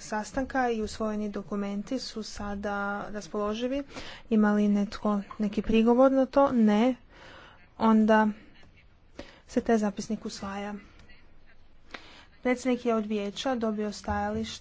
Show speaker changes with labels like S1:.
S1: sastanka i usvojeni dokumenti su sada raspoloživi. Ima li netko neki prigovor na to? Ne. Onda se te zapisnik usvaja. Predsjednik je od vijeća dobio stajalište